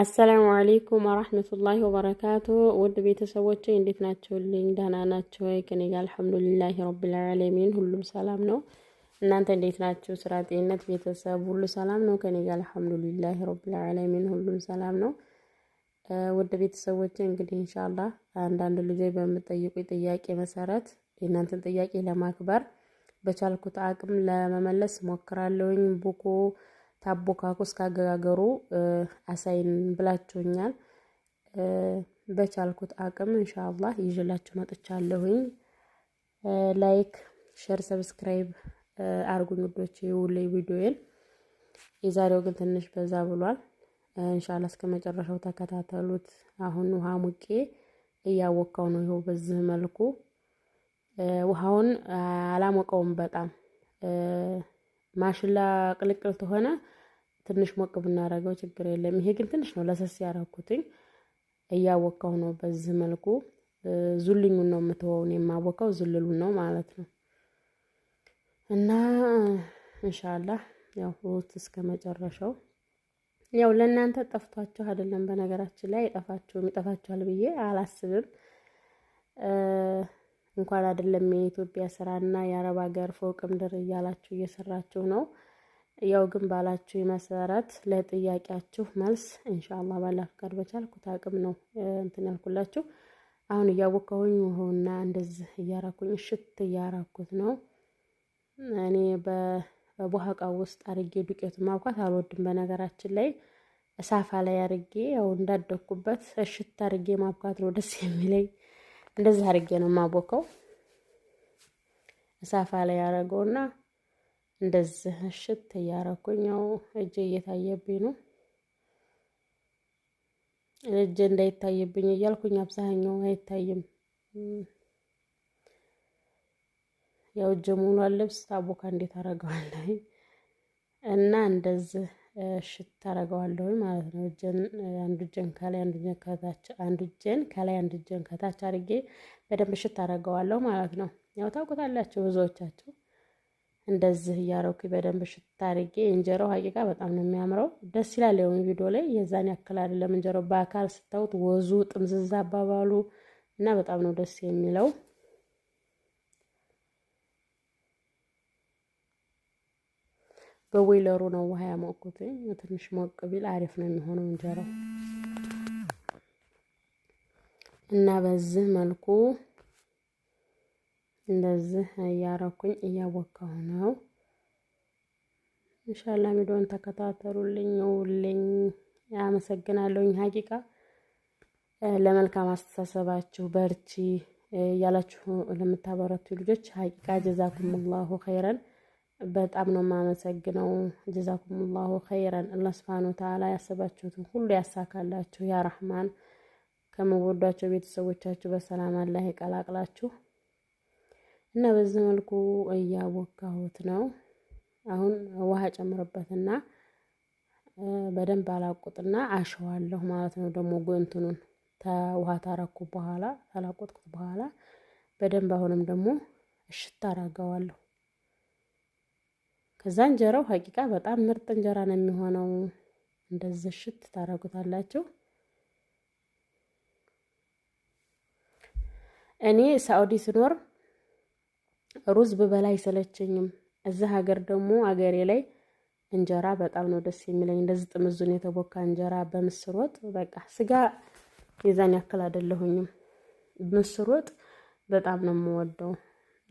አሰላሙ አሌይኩም ወራህመቱላሂ ወበረካቱ ውድ ቤተሰቦቼ እንዴት ናችሁልኝ? ደህና ናቸው ወይ? ከኔ ጋር አልሐምዱሊላሂ ረቢል ዓለሚን ሁሉም ሰላም ነው። እናንተ እንዴት ናችሁ? ስራ፣ ጤንነት፣ ቤተሰብ ሁሉ ሰላም ነው? ከኔ ጋር አልሐምዱሊላሂ ረቢል ዓለሚን ሁሉም ሰላም ነው። ውድ ቤተሰቦቼ እንግዲህ ኢንሻአላህ አንዳንድ ልጆች በምጠይቁ ጥያቄ መሰረት የእናንተን ጥያቄ ለማክበር በቻልኩት አቅም ለመመለስ ሞክራለሁኝ ቡኩ ታቦካኩ እስካገጋገሩ አሳይን ብላችሁኛል። በቻልኩት አቅም እንሻአላህ ይዤላችሁ መጥቻለሁኝ። ላይክ፣ ሸር ሰብስክራይብ አርጉኝ ውዶች ውልይ ቪዲዮዬን። የዛሬው ግን ትንሽ በዛ ብሏል። እንሻላ እስከ መጨረሻው ተከታተሉት። አሁን ውሃ ሙቄ እያወቃው ነው። ይኸው በዚህ መልኩ ውሃውን አላሞቀውም በጣም ማሽላ ቅልቅል ተሆነ ትንሽ ሞቅ ብናደርገው ችግር የለም። ይሄ ግን ትንሽ ነው ለሰስ ያረኩትኝ እያወካው ነው። በዚህ መልኩ ዙልኙን ነው የምትወውን የማወቀው ዝልሉን ነው ማለት ነው። እና እንሻላ ያው ሁት እስከ መጨረሻው ያው ለእናንተ ጠፍቷችሁ አይደለም። በነገራችን ላይ ይጠፋችሁም ይጠፋችኋል ብዬ አላስብም። እንኳን አይደለም የኢትዮጵያ ስራና የአረብ ሀገር ፎቅም ድር እያላችሁ እየሰራችሁ ነው። ያው ግን ባላችሁ መሰረት ለጥያቄያችሁ መልስ እንሻላ ባለ ፍቃድ በቻልኩት አቅም ነው እንትን ያልኩላችሁ። አሁን እያወቀሁኝ ውሃውና እንደዚህ እያራኩኝ እሽት እያራኩት ነው። እኔ በቦሃቃ ውስጥ አርጌ ዱቄቱን ማብኳት አልወድም። በነገራችን ላይ እሳፋ ላይ አርጌ ያው እንዳደኩበት እሽት አርጌ ማብኳት ነው ደስ የሚለኝ። እንደዚህ አድርጌ ነው የማቦከው። እሳፋ ላይ ያደረገውና እንደዚህ እሽት እያረኩኝ ያው እጄ እየታየብኝ ነው። እጄ እንዳይታይብኝ እያልኩኝ አብዛኛው አይታይም። ያው እጄ ሙሏን ልብስ ታቦካ እንዴት አደርገዋለሁ እና እንደዚህ እሽት አደርገዋለሁ ማለት ነው። እጀን አንዱ እጀን ከላይ አንዱ እጀን ከታች አንዱ እጀን ከላይ አንዱ እጀን ከታች አድርጌ በደንብ እሽት አደርገዋለሁ ማለት ነው። ያው ታውቁታላችሁ ብዙዎቻችሁ እንደዚህ እያረኩ በደንብ እሽት አድርጌ እንጀራው ሀቂቃ በጣም ነው የሚያምረው ደስ ይላል። ያው ቪዲዮ ላይ የዛን ያክል አይደለም እንጀራው በአካል ስታዩት ወዙ ጥምዝዝ አባባሉ እና በጣም ነው ደስ የሚለው በቦይለሩ ነው ውሃ ያሞቁት። ትንሽ ሞቅ ቢል አሪፍ ነው የሚሆነው እንጀራው እና በዚህ መልኩ እንደዚህ እያረኩኝ እያቦካሁ ነው። እንሻላ ሚዲዮን ተከታተሉልኝ፣ ውልኝ። አመሰግናለሁኝ። ሀቂቃ ለመልካም አስተሳሰባችሁ በርቺ እያላችሁ ለምታበረቱ ልጆች ሀቂቃ ጀዛኩም ላሁ ኸይረን በጣም ነው የማመሰግነው። ጀዛኩሙላሁ ኸይረን። አላህ ሱብሓነሁ ወተዓላ ያሰባችሁትን ሁሉ ያሳካላችሁ። ያ ረህማን ከመወዷቸው ቤተሰቦቻችሁ በሰላም አላህ ይቀላቅላችሁ እና በዚህ መልኩ እያቦካሁት ነው። አሁን ውሃ ጨምርበትና በደንብ አላቁጥና አሸዋለሁ ማለት ነው። ደግሞ ጎንትኑን ተውሃ ታረኩ በኋላ ታላቆጥኩት በኋላ በደንብ አሁንም ደግሞ እሽት አረገዋለሁ። ከዛ እንጀራው ሀቂቃ በጣም ምርጥ እንጀራ ነው የሚሆነው። እንደዚህ ሽት ታደርጉታላችሁ። እኔ ሳኡዲ ስኖር ሩዝ ብበላ አይሰለቸኝም። እዚህ ሀገር ደግሞ አገሬ ላይ እንጀራ በጣም ነው ደስ የሚለኝ። እንደዚህ ጥምዙን የተቦካ እንጀራ በምስር ወጥ በቃ ስጋ የዛን ያክል አይደለሁኝም። ምስር ወጥ በጣም ነው የምወደው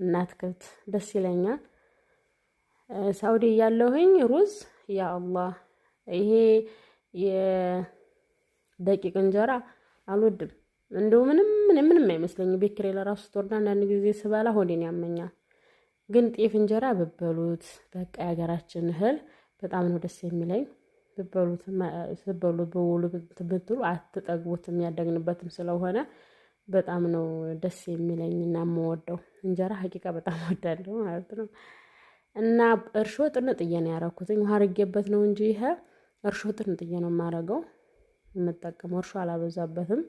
እና አትክልት ደስ ይለኛል። ሳውዲ ያለሁኝ ሩዝ ያ አላህ ይሄ የደቂቅ እንጀራ አልወድም። እንደው ምንም ምንም ምንም አይመስለኝ ቤክሬ ለራሱ ስትወርዳ አንዳንድ ጊዜ ስበላ ሆዴን ያመኛል። ግን ጤፍ እንጀራ ብበሉት በቃ የሀገራችን እህል በጣም ነው ደስ የሚለኝ። ብበሉት ስበሉት በውሉ ብትሉ አትጠግቡትም። ያደግንበትም ስለሆነ በጣም ነው ደስ የሚለኝ እና የምወደው እንጀራ ሀቂቃ በጣም ወዳለሁ ማለት ነው። እና እርሾ ጥንጥዬ ነው ያረኩትኝ። ውሃ አርጌበት ነው እንጂ ይሄ እርሾ ጥንጥዬ ነው የማረገው የምጠቀመው። እርሾ አላበዛበትም፣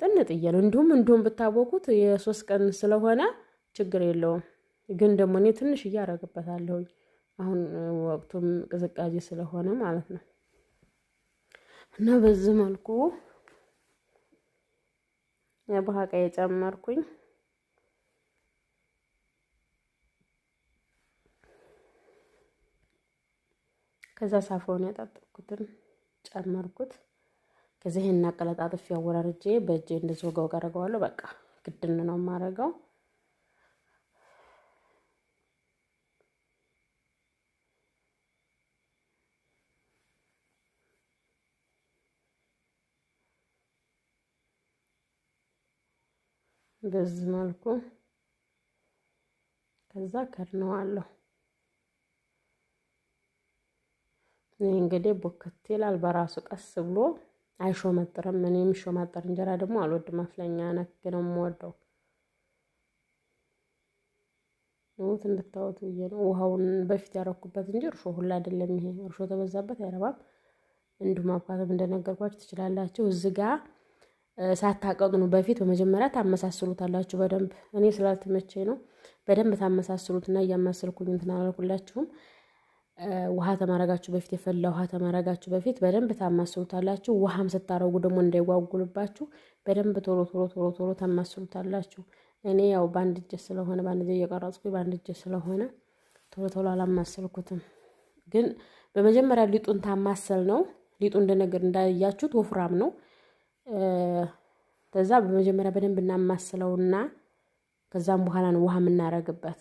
ጥንጥዬ ነው። እንዲሁም እንዲሁም ብታወቁት የሶስት ቀን ስለሆነ ችግር የለውም። ግን ደግሞ እኔ ትንሽ እያረግበታለሁኝ አሁን ወቅቱም ቅዝቃዜ ስለሆነ ማለት ነው። እና በዚህ መልኩ የባህቃ የጨመርኩኝ ከዛ ሳፎን ያጣጠብኩትን ጨመርኩት። ከዚህ ይሄን አቀለጣጥፍ ያወራርጄ በእጄ እንደዚህ ወጋ ወጋ በቃ ግድን ነው የማደርገው። በዚህ መልኩ ከዛ ከድነዋለሁ። እንግዲህ ቦከት ይላል በራሱ ቀስ ብሎ አይሾመጥርም። እኔ የሚሾማጠር እንጀራ ደግሞ አልወድም። አፍለኛ ነክ ነው የምወደው። ሞት እንድታወት ብዬ ነው ውሃውን በፊት ያረኩበት እንጂ እርሾ ሁላ አይደለም። ይሄ እርሾ ተበዛበት አይረባም። እንዲሁ ማብኳትም እንደነገርኳችሁ ትችላላችሁ። እዚህ ጋ ሳታቀጥኑ በፊት በመጀመሪያ ታመሳስሉታላችሁ በደንብ። እኔ ስላልተመቼ ነው በደንብ ታመሳስሉትና እያመሰልኩኝ እንትን አላልኩላችሁም። ውሃ ተማረጋችሁ በፊት የፈላ ውሃ ተማረጋችሁ በፊት በደንብ ታማስሉታላችሁ። ውሃም ስታረጉ ደግሞ እንዳይጓጉልባችሁ በደንብ ቶሎ ቶሎ ቶሎ ቶሎ ታማስሉታላችሁ። እኔ ያው በአንድ እጄ ስለሆነ በአንድ እጄ እየቀረጽኩ በአንድ እጄ ስለሆነ ቶሎ ቶሎ አላማሰልኩትም። ግን በመጀመሪያ ሊጡን ታማሰል ነው። ሊጡ እንደነገር እንዳያችሁት ወፍራም ነው። ከዛ በመጀመሪያ በደንብ እናማስለውና ከዛም በኋላ ነው ውሃ የምናረግበት።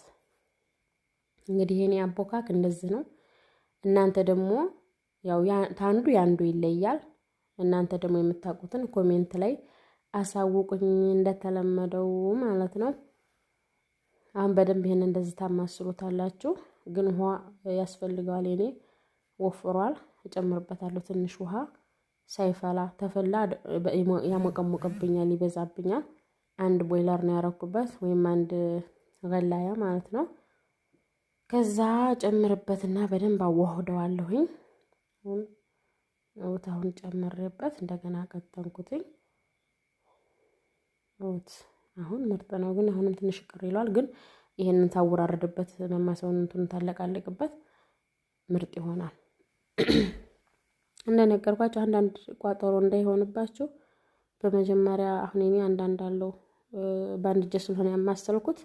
እንግዲህ የኔ አቦካክ እንደዚህ ነው። እናንተ ደግሞ ያው ታንዱ ያንዱ ይለያል። እናንተ ደግሞ የምታውቁትን ኮሜንት ላይ አሳውቁኝ እንደተለመደው ማለት ነው። አሁን በደንብ ይሄን እንደዚህ ታማስሉታላችሁ። ግን ውሃ ያስፈልገዋል። እኔ ወፍሯል፣ እጨምርበታለሁ ትንሽ ውሃ ሳይፈላ ተፈላ ያሞቀሞቀብኛል፣ ይበዛብኛል። አንድ ቦይለር ነው ያረኩበት ወይም አንድ ገላያ ማለት ነው። ከዛ ጨምርበትና በደንብ አዋህደዋለሁኝ። እውት አሁን ጨምሬበት እንደገና ቀጠንኩትኝ። እውት አሁን ምርጥ ነው፣ ግን አሁንም ትንሽ ቅር ይሏል ግን ይህንን ታወራርድበት መማሰውን ታለቃለቅበት ምርጥ ይሆናል። እንደነገርኳቸው አንዳንድ ቋጠሮ እንዳይሆንባቸው በመጀመሪያ አሁን እኔ አንዳንድ አለው በአንድ እጄ ስለሆነ ያማሰልኩት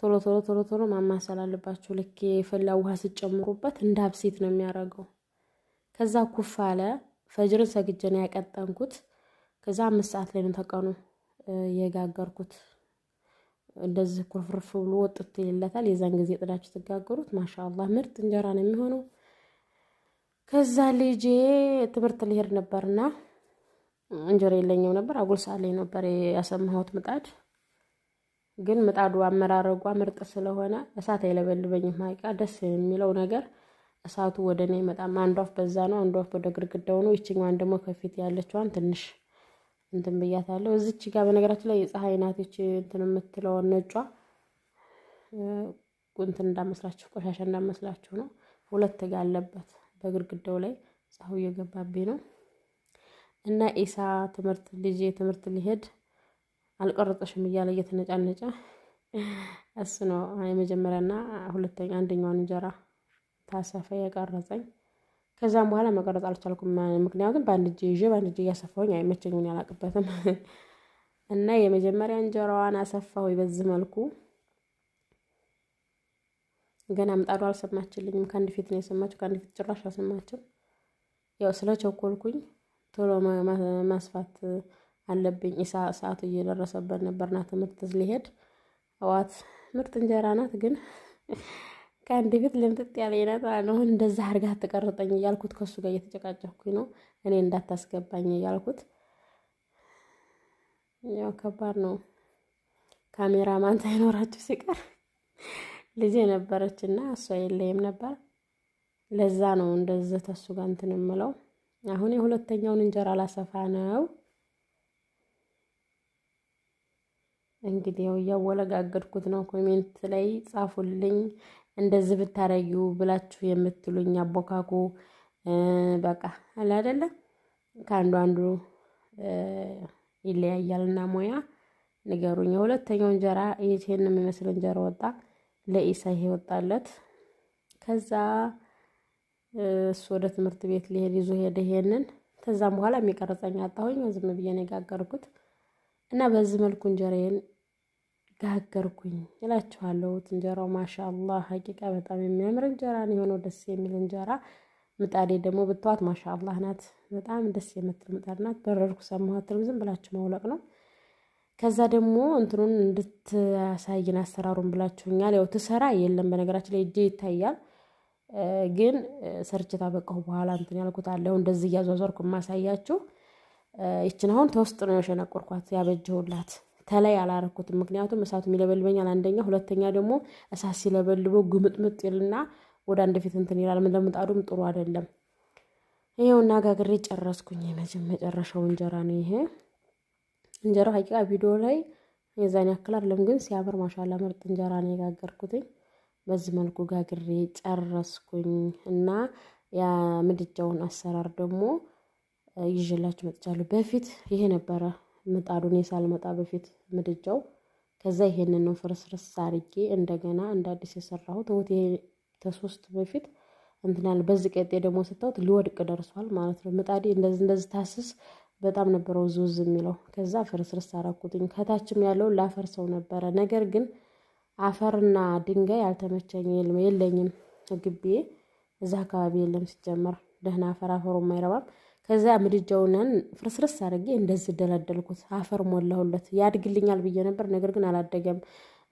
ቶሎ ቶሎ ቶሎ ቶሎ ማማሰል አለባችሁ። ልክ የፈላ ውሃ ስጨምሩበት እንደ አብሴት ነው የሚያደርገው። ከዛ ኩፍ አለ። ፈጅርን ሰግጀን ያቀጠንኩት። ከዛ አምስት ሰዓት ላይ ነው ተቀኑ የጋገርኩት። እንደዚህ ኩርፍርፍ ብሎ ወጥቶ ይለታል። የዛን ጊዜ ጥዳችሁ ትጋገሩት። ማሻአላህ ምርጥ እንጀራ ነው የሚሆነው። ከዛ ልጄ ትምህርት ሊሄድ ነበርና እንጀራ የለኝም ነበር። አጉል ሰዓት ላይ ነበር ያሰማሁት ምጣድ ግን ምጣዱ አመራረጓ ምርጥ ስለሆነ እሳት አይለበልበኝም። ማይቃ ደስ የሚለው ነገር እሳቱ ወደ እኔ መጣም። አንዱ ወፍ በዛ ነው፣ አንዱ ፍ ወደ ግድግዳው ነው። ይችኛዋን ደግሞ ከፊት ያለችዋን ትንሽ እንትን ብያታለሁ። እዚች ጋር በነገራችን ላይ የፀሐይ ናቶች እንትን የምትለውን ነጯ እንትን እንዳመስላችሁ ቆሻሻ እንዳመስላችሁ ነው። ሁለት ጋ አለበት በግድግዳው ላይ ፀሐዩ እየገባብኝ ነው። እና ኢሳ ትምህርት ልጄ ትምህርት ሊሄድ አልቀረጸሽም እያለ እየተነጫነጨ እሱ ነው የመጀመሪያና ሁለተኛ አንደኛውን እንጀራ ታሰፈ የቀረጸኝ። ከዛም በኋላ መቀረጽ አልቻልኩም። ምክንያቱም በአንድ እጄ ይዤ በአንድ እጄ እያሰፋሁኝ አይመቸኝም፣ አላቅበትም እና የመጀመሪያ እንጀራዋን አሰፋሁ በዚህ መልኩ። ገና ምጣዱ አልሰማችልኝም። ከአንድ ፊት ነው የሰማችው፣ ከአንድ ፊት ጭራሽ አልሰማችም። ያው ስለ ቸኮልኩኝ ቶሎ ማስፋት አለብኝ። ሰዓቱ እየደረሰበት ነበርና ትምህርት ሊሄድ ጠዋት ምርጥ እንጀራ ናት፣ ግን ከአንድ ፊት ልምጥጥ ያለ ይነጣ ነው። እንደዛ አድርጋ አትቀርጠኝ እያልኩት ከሱ ጋር እየተጨቃጨኩኝ ነው እኔ እንዳታስገባኝ እያልኩት። ያው ከባድ ነው። ካሜራማን ሳይኖራችሁ ሲቀር ልጄ ነበረች እና እሷ የለይም ነበር። ለዛ ነው እንደዚህ ተሱ ጋር እንትን አሁን የሁለተኛውን እንጀራ ላሰፋ ነው። እንግዲህ ያው እያወለጋገድኩት ነው። ኮሜንት ላይ ጻፉልኝ እንደዚህ ብታረዩ ብላችሁ የምትሉኝ አቦካኩ በቃ አለ አይደለ ከአንዱ አንዱ ይለያያልና ሙያ ንገሩኝ። የሁለተኛው እንጀራ ይህን የሚመስል እንጀራ ወጣ፣ ለኢሳ ይሄ ወጣለት። ከዛ እሱ ወደ ትምህርት ቤት ሊሄድ ይዞ ሄደ ይሄንን። ከዛም በኋላ የሚቀረጸኝ አጣሁኝ። ዝም ብዬ ነው የጋገርኩት እና በዚህ መልኩ እንጀራዬን ጋገርኩኝ እላችኋለሁ። እንጀራው ማሻአላ ሀቂቃ በጣም የሚያምር እንጀራ ነው የሆነው ደስ የሚል እንጀራ። ምጣዴ ደግሞ ብትዋት ማሻአላ ናት፣ በጣም ደስ የምትል ምጣድ ናት። በረርኩ ሰማሁት ዝም ብላችሁ ማውለቅ ነው። ከዛ ደግሞ እንትኑን እንድትያሳይን አሰራሩን ብላችሁኛል። ያው ትሰራ የለም በነገራችን ላይ እጄ ይታያል ግን ሰርች ታበቃሁ በኋላ እንትን ያልኩት አለ። ያው እንደዚህ እያዟዟርኩ የማሳያችሁ ይችን አሁን ተውስጥ ነው የሸነቆርኳት ያበጀሁላት ተላይ አላረኩትም። ምክንያቱም እሳቱ የሚለበልበኛል አንደኛ፣ ሁለተኛ ደግሞ እሳት ሲለበልበው ግምጥምጥ ይልና ወደ አንድ ፊት እንትን ይላል። ለምጣዱም ጥሩ አይደለም። እና ጋግሬ ጨረስኩኝ። መጨረሻው እንጀራ ነው ይሄ እንጀራው ሀቂቃ ቪዲዮ ላይ የዛን ያክል አይደለም፣ ግን ሲያምር ማሻላ ምርጥ እንጀራ ነው የጋገርኩትኝ። በዚህ መልኩ ጋግሬ ጨረስኩኝ እና የምድጃውን አሰራር ደግሞ ይዤላችሁ መጥቻለሁ። በፊት ይሄ ነበረ ምጣዱን የሳልመጣ በፊት ምድጃው። ከዛ ይሄንን ነው ፍርስርስ አርጌ እንደገና እንደ አዲስ የሰራሁት። ወት ከሶስት በፊት እንትናል በዚህ ቀጤ ደግሞ ስታውት ሊወድቅ ደርሷል ማለት ነው። ምጣዴ እንደዚህ እንደዚህ ታስስ በጣም ነበረው ዝውዝ የሚለው። ከዛ ፍርስርስ አረኩትኝ። ከታችም ያለው ላፈርሰው ነበረ፣ ነገር ግን አፈርና ድንጋይ አልተመቸኝ የለኝም። ግቤ እዛ አካባቢ የለም ሲጀመር ደህና አፈር አፈሩ የማይረባም ከዛ ምድጃውንን ፍርስርስ አድርጌ እንደዚህ ደለደልኩት፣ አፈር ሞላሁለት። ያድግልኛል ብዬ ነበር፣ ነገር ግን አላደገም።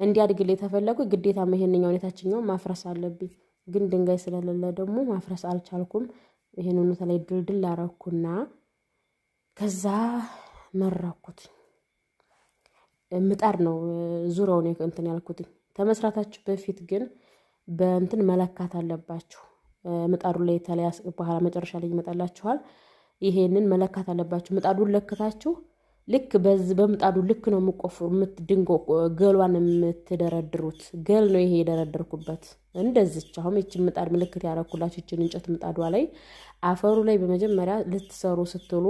እንዲያድግል የተፈለጉ ግዴታ መሄንኛውን የታችኛው ማፍረስ አለብኝ፣ ግን ድንጋይ ስለሌለ ደግሞ ማፍረስ አልቻልኩም። ይህንኑ ላይ ድልድል አረኩና ከዛ መራኩት። ምጣድ ነው ዙሪያውን እንትን ያልኩት ከመስራታችሁ በፊት ግን በእንትን መለካት አለባችሁ። ምጣዱ ላይ ተለያስ በኋላ መጨረሻ ላይ ይመጣላችኋል። ይሄንን መለካት አለባችሁ። ምጣዱን ለክታችሁ ልክ በዚህ በምጣዱ ልክ ነው የምቆፍሩ የምትድንጎ ገሏን የምትደረድሩት ገል ነው ይሄ የደረደርኩበት። እንደዚች አሁን ይችን ምጣድ ምልክት ያረኩላችሁ ይችን እንጨት ምጣዷ ላይ አፈሩ ላይ በመጀመሪያ ልትሰሩ ስትሉ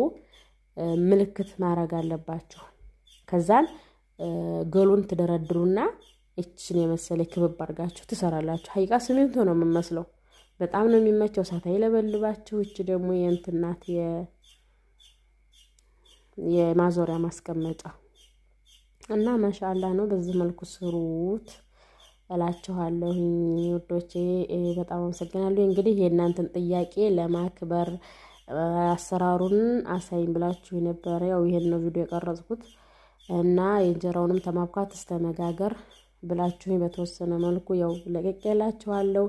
ምልክት ማድረግ አለባችሁ። ከዛን ገሉን ትደረድሩና ይችን የመሰለ ክብብ አድርጋችሁ ትሰራላችሁ። ሀቂቃ ሲሚንቶ ነው የምመስለው። በጣም ነው የሚመቸው። እሳት አይለበልባችሁ። እች ደግሞ የእንትናት የማዞሪያ ማስቀመጫ እና ማሻአላ ነው። በዚህ መልኩ ስሩት እላችኋለሁ ውዶቼ፣ በጣም አመሰግናለሁ። እንግዲህ የእናንተን ጥያቄ ለማክበር አሰራሩን አሳይም ብላችሁ የነበረ ያው ይሄን ነው ቪዲዮ የቀረጽኩት እና የእንጀራውንም ተማብኳት እስከ ብላችሁኝ በተወሰነ መልኩ ያው ለቅቄላችኋለሁ።